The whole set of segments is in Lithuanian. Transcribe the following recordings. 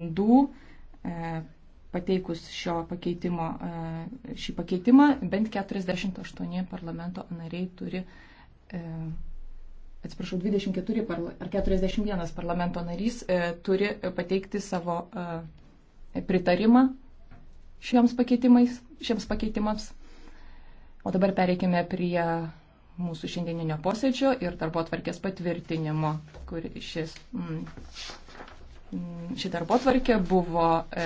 valandų e, pateikus šio pakeitimo, e, šį pakeitimą bent 48 parlamento nariai turi, e, atsiprašau, 24 ar 41 parlamento narys turi pateikti savo pritarimą šiems pakeitimais, šiems pakeitimams. O dabar pereikime prie mūsų šiandieninio posėdžio ir darbo atvarkės patvirtinimo, kur šis. Mm, Mm, ši darbo tvarkė buvo e,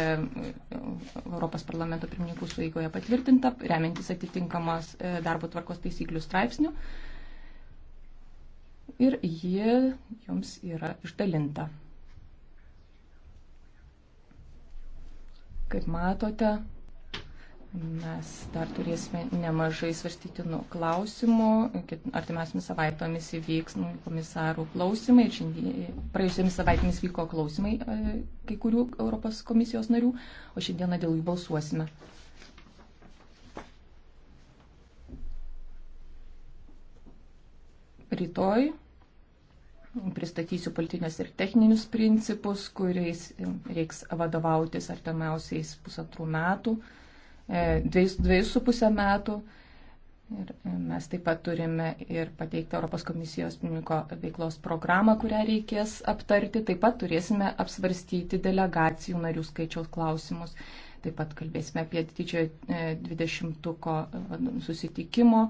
Europos parlamento pirmininkų sueigoje patvirtinta, remiantis atitinkamas e, darbo tvarkos taisyklių straipsnių. Ir ji jums yra išdalinta. Kaip matote, Mes dar turėsime nemažai svarstytinų klausimų. Artimiausiamis savaitomis įvyks nu, komisarų klausimai. Praėjusiamis savaitėmis vyko klausimai e, kai kurių Europos komisijos narių, o šiandieną dėl jų balsuosime. Rytoj pristatysiu politinius ir techninius principus, kuriais e, reiks vadovautis artimiausiais pusantrų metų. E, dviejus su pusę metų. Ir e, mes taip pat turime ir pateikti Europos komisijos pirmininko veiklos programą, kurią reikės aptarti. Taip pat turėsime apsvarstyti delegacijų narių skaičiaus klausimus. Taip pat kalbėsime apie didžiojo e, dvidešimtuko susitikimo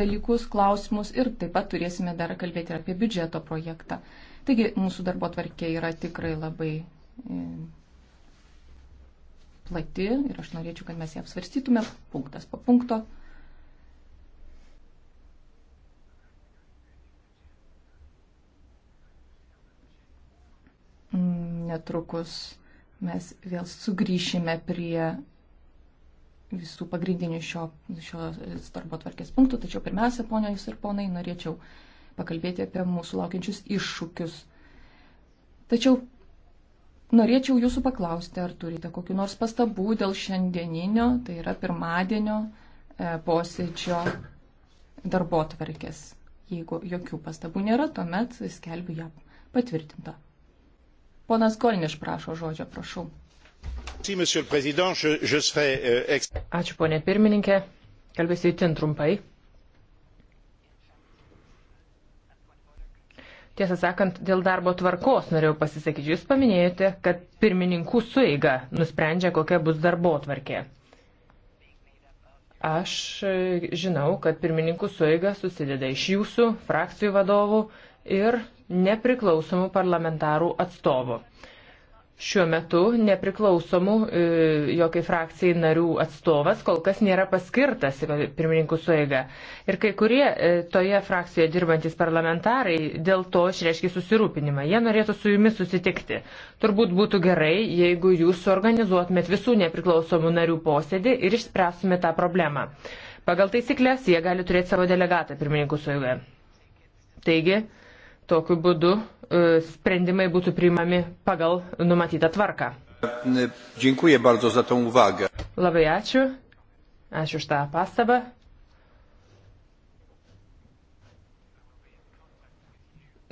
dalykus, klausimus ir taip pat turėsime dar kalbėti ir apie biudžeto projektą. Taigi mūsų darbo tvarkė yra tikrai labai plati ir aš norėčiau, kad mes ją apsvarstytume punktas po punkto. Netrukus mes vėl sugrįšime prie visų pagrindinių šio, šio darbo tvarkės punktų, tačiau pirmiausia, ponios ir ponai, norėčiau pakalbėti apie mūsų laukiančius iššūkius. Tačiau Norėčiau jūsų paklausti, ar turite kokiu nors pastabų dėl šiandieninio, tai yra pirmadienio e, posėdžio darbo tvarkės. Jeigu jokių pastabų nėra, tuomet skelbiu ją patvirtintą. Ponas Kolniš prašo žodžio, prašau. Euh, Ačiū, ponė pirmininkė. Kalbėsiu įtin trumpai. Tiesą sakant, dėl darbo tvarkos norėjau pasisakyti. Jūs paminėjote, kad pirmininkų suiga nusprendžia, kokia bus darbo tvarkė. Aš e, žinau, kad pirmininkų suiga susideda iš jūsų, frakcijų vadovų ir nepriklausomų parlamentarų atstovų šiuo metu nepriklausomų e, jokiai frakcijai narių atstovas kol kas nėra paskirtas e, pirmininkų sueiga. Ir kai kurie e, toje frakcijoje dirbantis parlamentarai dėl to išreiškia susirūpinimą. Jie norėtų su jumis susitikti. Turbūt būtų gerai, jeigu jūs suorganizuotumėt visų nepriklausomų narių posėdį ir išspręstumėt tą problemą. Pagal taisyklės jie gali turėti savo delegatą pirmininkų sueigoje. Taigi, Tokiu būdu e, sprendimai būtų priimami pagal numatytą tvarką. Dziękuję bardzo za tą uwagę. Labai ačiū. Ačiū už tą pastabą.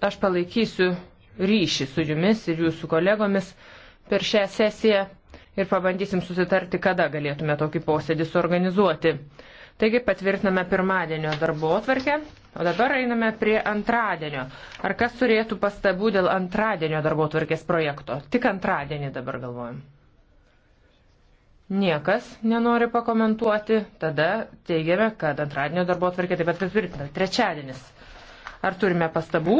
Aš palaikysiu ryšį su jumis ir jūsų kolegomis per šią sesiją ir pabandysim susitarti, kada galėtume tokį posėdį suorganizuoti. Taigi patvirtiname pirmadienio darbo atvarkę, o dabar einame prie antradienio. Ar kas turėtų pastabų dėl antradienio darbo atvarkės projekto? Tik antradienį dabar galvojam. Niekas nenori pakomentuoti, tada teigiame, kad antradienio darbo atvarkė taip pat patvirtina. Trečiadienis. Ar turime pastabų?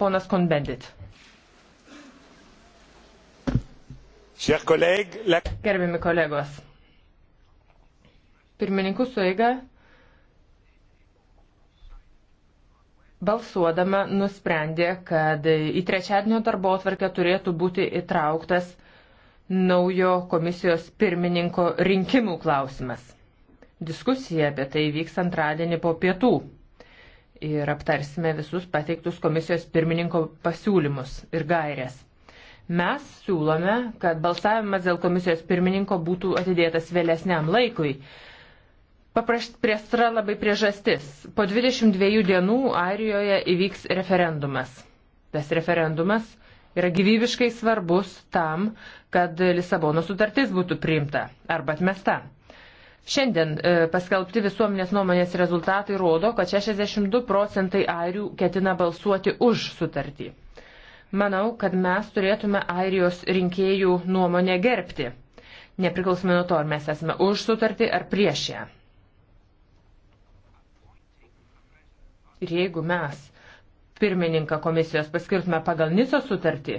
Ponas Konbendit. Gerbiami kolegos, pirmininkų suiga balsuodama nusprendė, kad į trečiadienio darbo atvarkę turėtų būti įtrauktas naujo komisijos pirmininko rinkimų klausimas. Diskusija apie tai vyks antradienį po pietų ir aptarsime visus pateiktus komisijos pirmininko pasiūlymus ir gairės. Mes siūlome, kad balsavimas dėl komisijos pirmininko būtų atidėtas vėlesniam laikui, Paprastra labai priežastis. Po 22 dienų Airijoje įvyks referendumas. Tas referendumas yra gyvybiškai svarbus tam, kad Lisabono sutartis būtų priimta arba atmesta. Šiandien e, paskelbti visuomenės nuomonės rezultatai rodo, kad 62 procentai airių ketina balsuoti už sutartį. Manau, kad mes turėtume airijos rinkėjų nuomonę gerbti, nepriklausomai nuo to, ar mes esame už sutartį ar prieš ją. Ir jeigu mes pirmininką komisijos paskirtume pagal Niso sutartį,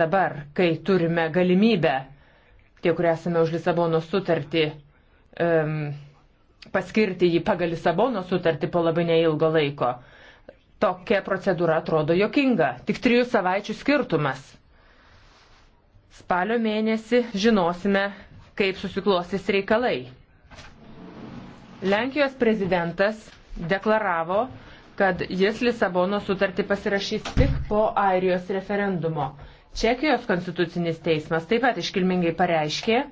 dabar, kai turime galimybę, tie, kurie esame už Lisabono sutartį, um, paskirti jį pagal Lisabono sutartį po labai neilgo laiko, tokia procedūra atrodo jokinga. Tik trijų savaičių skirtumas. Spalio mėnesį žinosime, kaip susiklostys reikalai. Lenkijos prezidentas deklaravo, kad jis Lisabono sutartį pasirašys tik po Airijos referendumo. Čekijos konstitucinis teismas taip pat iškilmingai pareiškė,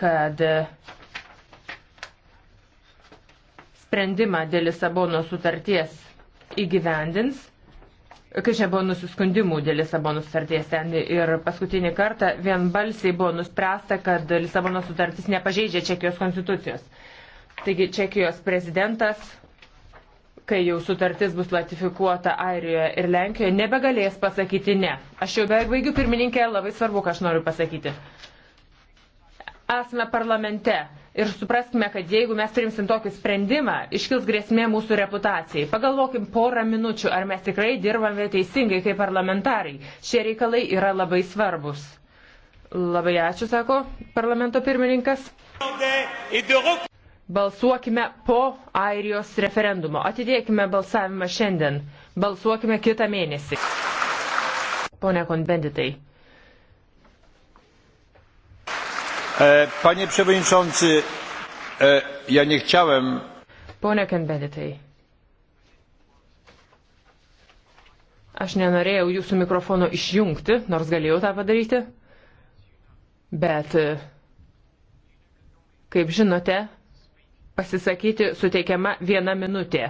kad sprendimą dėl Lisabono sutarties įgyvendins. Kai čia buvo nusiskundimų dėl Lisabono sutarties ten ir paskutinį kartą vienbalsiai buvo nuspręsta, kad Lisabono sutartis nepažeidžia Čekijos konstitucijos. Taigi Čekijos prezidentas kai jau sutartis bus ratifikuota Airijoje ir Lenkijoje, nebegalės pasakyti ne. Aš jau beveik baigiu pirmininkę, labai svarbu, ką aš noriu pasakyti. Esame parlamente ir supraskime, kad jeigu mes priimsim tokį sprendimą, iškils grėsmė mūsų reputacijai. Pagalvokim porą minučių, ar mes tikrai dirbame teisingai kaip parlamentarai. Šie reikalai yra labai svarbus. Labai ačiū, sako parlamento pirmininkas. Balsuokime po Airijos referendumo. Atidėkime balsavimą šiandien. Balsuokime kitą mėnesį. Pone konbenditai. E, panie przewodniczący, e, ja nie chciałem. Pone konbenditai. Aš nenorėjau jūsų mikrofono išjungti, nors galėjau tą padaryti. Bet, kaip žinote, pasisakyti suteikiama viena minutė.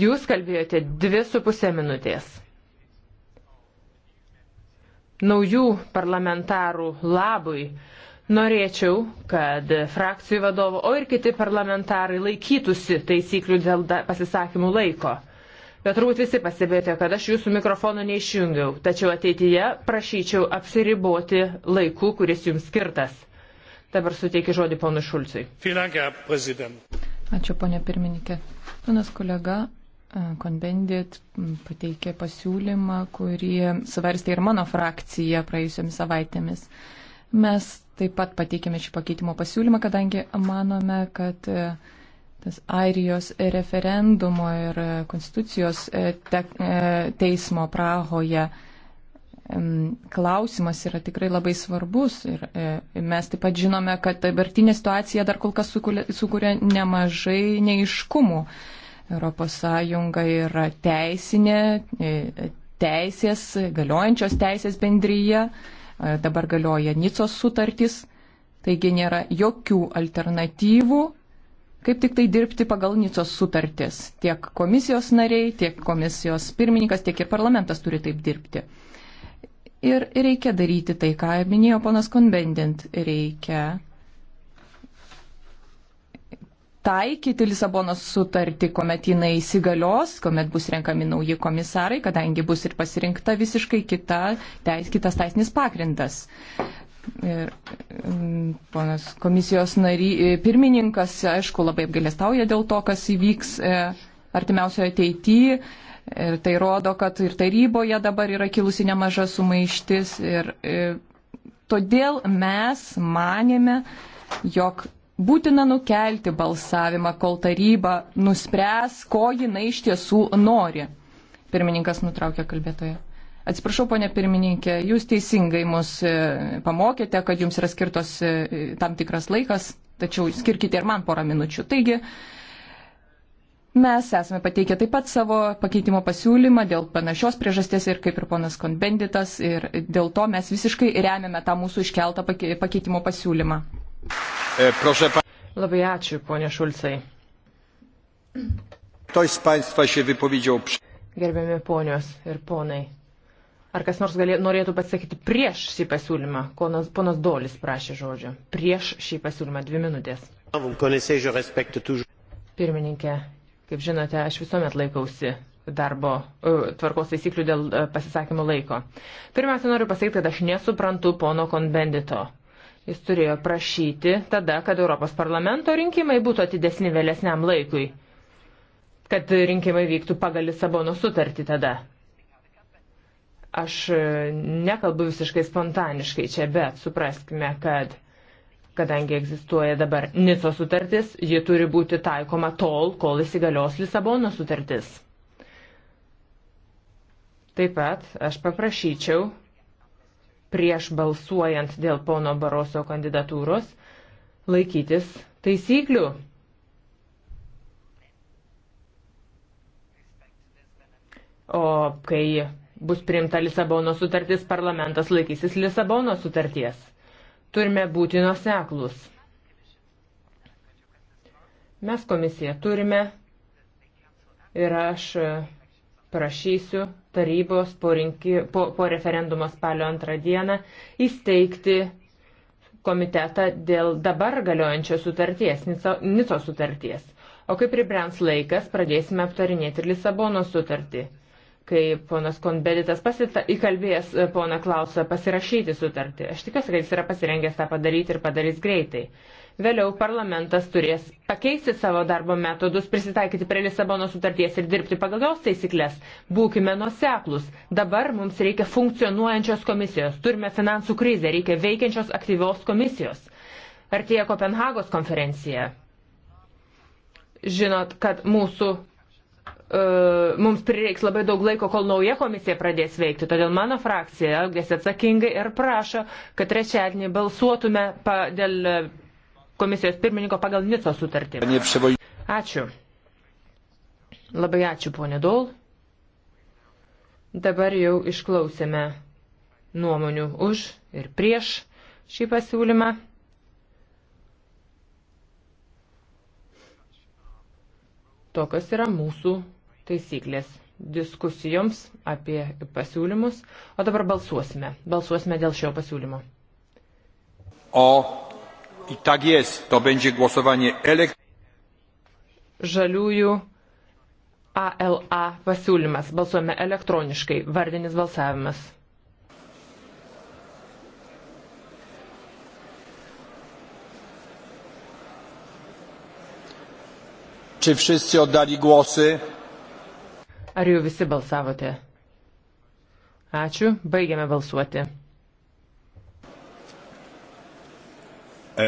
Jūs kalbėjote dvi su pusė minutės. Naujų parlamentarų labui norėčiau, kad frakcijų vadovo, o ir kiti parlamentarai laikytųsi taisyklių dėl pasisakymų laiko. Bet turbūt visi pastebėjote, kad aš jūsų mikrofono neišjungiau, tačiau ateityje prašyčiau apsiriboti laiku, kuris jums skirtas. Dabar suteikiu žodį ponui Šulcijui. Ačiū, ponė pirmininkė. Vienas kolega e, Konbendit pateikė pasiūlymą, kurį svarstė ir mano frakcija praėjusiamis savaitėmis. Mes taip pat pateikėme šį pakeitimo pasiūlymą, kadangi manome, kad e, tas Airijos referendumo ir e, Konstitucijos te teismo Prahoje klausimas yra tikrai labai svarbus e, ir mes taip pat žinome, kad dabartinė situacija dar kol kas sukuria nemažai neiškumų. ES yra teisinė, e, teisės, galiojančios teisės bendryje, e, dabar galioja Nicos sutartys, taigi nėra jokių alternatyvų kaip tik tai dirbti pagal Nicos sutartis. Tiek komisijos nariai, tiek komisijos pirmininkas, tiek ir parlamentas turi taip dirbti. Ir reikia daryti tai, ką minėjo ponas Konbendint. Reikia taikyti Lisabonos sutartį, kuomet jinai įsigalios, kuomet bus renkami nauji komisarai, kadangi bus ir pasirinkta visiškai kita, teis, kitas teisinis pagrindas. Ir mm, ponas komisijos nary, e, pirmininkas, aišku, labai apgailestauja dėl to, kas įvyks. E, artimiausioje ateityje. Ir tai rodo, kad ir taryboje dabar yra kilusi nemaža sumaištis. Ir, ir e, todėl mes manėme, jog būtina nukelti balsavimą, kol taryba nuspręs, ko jinai iš tiesų nori. Pirmininkas nutraukė kalbėtoje. Atsiprašau, ponė pirmininkė, jūs teisingai mus e, pamokėte, kad jums yra skirtos e, tam tikras laikas, tačiau skirkite ir man porą minučių. Taigi, Mes esame pateikę taip pat savo pakeitimo pasiūlymą dėl panašios priežasties ir kaip ir ponas Konbenditas ir dėl to mes visiškai remiame tą mūsų iškeltą pakeitimo pasiūlymą. E, Labai ačiū, ponė Šulcai. Gerbiami ponios ir ponai, ar kas nors galė, norėtų pasakyti prieš šį pasiūlymą? Ponas, ponas Dolis prašė žodžio. Prieš šį pasiūlymą dvi minutės. Pirmininkė, Kaip žinote, aš visuomet laikausi darbo e, tvarkos taisyklių dėl e, pasisakymų laiko. Pirmiausia, noriu pasakyti, kad aš nesuprantu pono konbendito. Jis turėjo prašyti tada, kad Europos parlamento rinkimai būtų atidesni vėlesniam laikui, kad rinkimai vyktų pagal Lisabono sutartį tada. Aš e, nekalbu visiškai spontaniškai čia, bet supraskime, kad kadangi egzistuoja dabar Nico sutartis, ji turi būti taikoma tol, kol įsigalios Lisabono sutartis. Taip pat aš paprašyčiau prieš balsuojant dėl pono Baroso kandidatūros laikytis taisyklių. O kai bus priimta Lisabono sutartis, parlamentas laikysis Lisabono sutarties. Turime būti nuseklus. Mes komisiją turime ir aš prašysiu tarybos po, rinki, po, po referendumo spalio antrą dieną įsteigti komitetą dėl dabar galiojančios sutarties, Nico sutarties. O kai pribręs laikas, pradėsime aptarinėti ir Lisabono sutartį kai ponas Konbeditas pasita, įkalbės e, poną Klausą pasirašyti sutartį. Aš tikiuosi, kad jis yra pasirengęs tą padaryti ir padarys greitai. Vėliau parlamentas turės pakeisti savo darbo metodus, prisitaikyti prie Lisabono sutarties ir dirbti pagal jos taisyklės. Būkime nuseklus. Dabar mums reikia funkcionuojančios komisijos. Turime finansų krizę, reikia veikiančios aktyvios komisijos. Artėja Kopenhagos konferencija. Žinot, kad mūsų E, mums prireiks labai daug laiko, kol nauja komisija pradės veikti. Todėl mano frakcija elgėsi atsakingai ir prašo, kad trečiadienį balsuotume pa, dėl komisijos pirmininko pagal Nico sutartį. Ačiū. Labai ačiū, ponė Dol. Dabar jau išklausėme nuomonių už ir prieš šį pasiūlymą. Tokios yra mūsų taisyklės diskusijoms apie pasiūlymus, o dabar balsuosime. Balsuosime dėl šio pasiūlymo. O i tak jest, to będzie głosowanie elektroniczne. Žaliųjų ALA pasiūlymas. Balsuojame elektroniškai. Vardinis balsavimas. Czy wszyscy oddali głosy? Ar jau visi balsavote? Ačiū, baigiame balsuoti. E.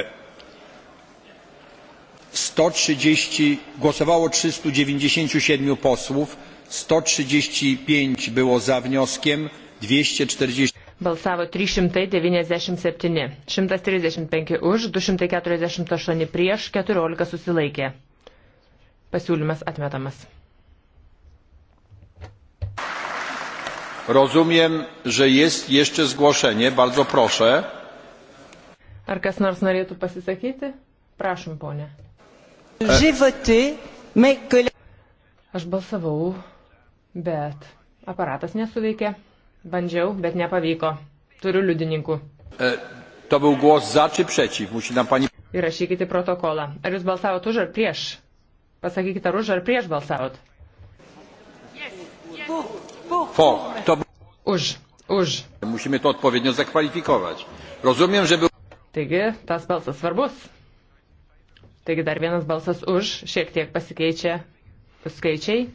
130 głosowało 397 posłów, 135 było za wnioskiem, 240 balsavo 397, 135 už, 248 prieš, 14 susilaikė. Pasiūlymas atmetamas. Rozumiem, że jest jeszcze zgłoszenie. Bardzo proszę. Ar kas nors norėtų pasisakyti? Prašom, ponė. Aš balsavau, bet aparatas nesuveikė. Bandžiau, bet nepavyko. Turiu liudininkų. E, to był głos za czy przeciw? Musi nam pani... Įrašykite protokolą. Ar jūs balsavot už ar prieš? Pasakykite, ar už ar prieš balsavot? Yes, yes. For. To... Už. Už. Musimy to odpowiednio zakwalifikować. Rozumiem, że był... Taigi, tas balsas svarbus. Taigi dar vienas balsas už, šiek tiek pasikeičia skaičiai,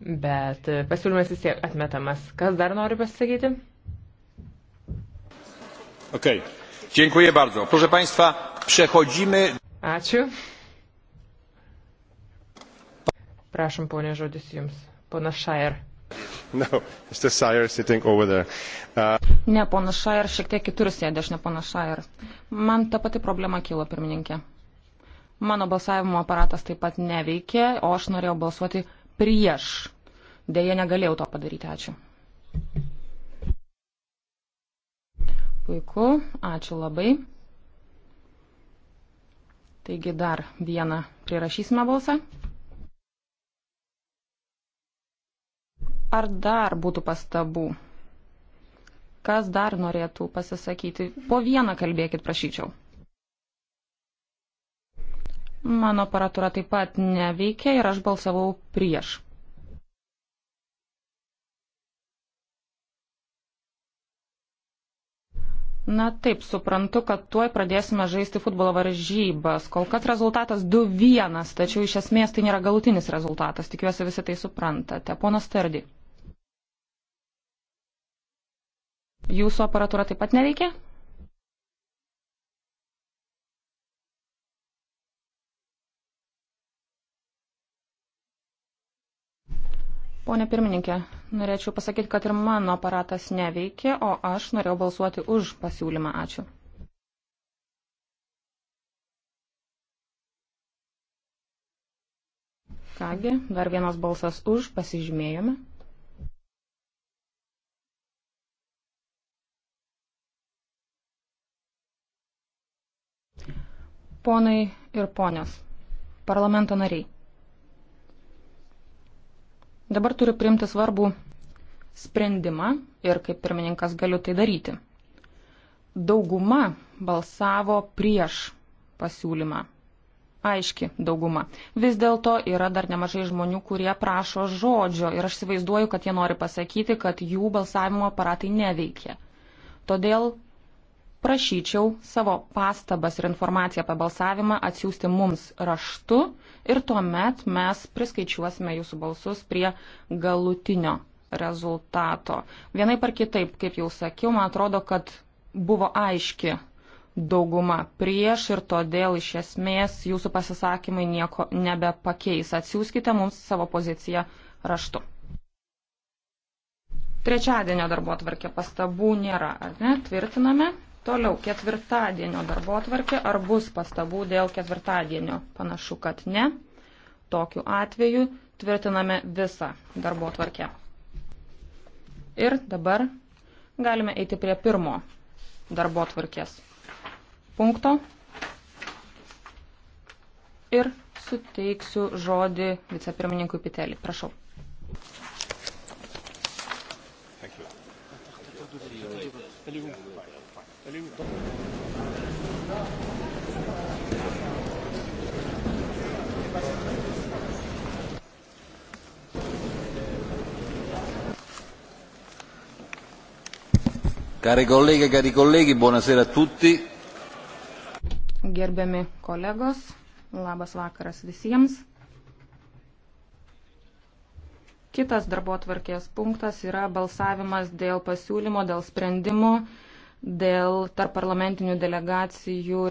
bet e, pasiūlymas vis tiek atmetamas. Kas dar nori pasisakyti? Okei. Okay. Dziękuję bardzo. Proszę Państwa, przechodzimy... Ačiū. Prašom, ponė, žodis jums. Ponas Šair. No, Mr. Sire sitting over there. Uh... Ne, ponas Šair šiek tiek kitur sėdė, aš ne ponas Šair. Man ta pati problema kilo, pirmininkė. Mano balsavimo aparatas taip pat neveikė, o aš norėjau balsuoti prieš. Deja, negalėjau to padaryti. Ačiū. Puiku, ačiū labai. Taigi dar vieną prirašysime balsą. Ar dar būtų pastabų? Kas dar norėtų pasisakyti? Po vieną kalbėkit, prašyčiau. Mano aparatūra taip pat neveikia ir aš balsavau prieš. Na taip, suprantu, kad tuoj pradėsime žaisti futbolo varžybas. Kol kas rezultatas 2-1, tačiau iš esmės tai nėra galutinis rezultatas. Tikiuosi visi tai suprantate. Ponas Tardy. Jūsų aparatūra taip pat neveikia? Pone pirmininkė, norėčiau pasakyti, kad ir mano aparatas neveikia, o aš norėjau balsuoti už pasiūlymą. Ačiū. Kągi, dar vienas balsas už, pasižymėjome. ponai ir ponios, parlamento nariai. Dabar turiu priimti svarbų sprendimą ir kaip pirmininkas galiu tai daryti. Dauguma balsavo prieš pasiūlymą. Aiški dauguma. Vis dėlto yra dar nemažai žmonių, kurie prašo žodžio ir aš įsivaizduoju, kad jie nori pasakyti, kad jų balsavimo aparatai neveikia. Todėl prašyčiau savo pastabas ir informaciją apie balsavimą atsiųsti mums raštu ir tuomet mes priskaičiuosime jūsų balsus prie galutinio rezultato. Vienai par kitaip, kaip jau sakiau, man atrodo, kad buvo aiški dauguma prieš ir todėl iš esmės jūsų pasisakymai nieko nebepakeis. Atsiųskite mums savo poziciją raštu. Trečiadienio darbo atvarkė pastabų nėra, ar ne? Tvirtiname. Toliau, ketvirtadienio darbo atvarkė, ar bus pastabų dėl ketvirtadienio? Panašu, kad ne. Tokiu atveju tvirtiname visą darbo atvarkę. Ir dabar galime eiti prie pirmo darbo atvarkės punkto. Ir suteiksiu žodį vicepirmininkui Pitelį. Prašau. Thank you. Thank you. Care colleghe, cari colleghi, buonasera a tutti. Gerbiami kolegos, labas vakaras visiems. Kitas darbo tvarkės punktas yra balsavimas dėl pasiūlymo, dėl sprendimo dėl tarp parlamentinių delegacijų ir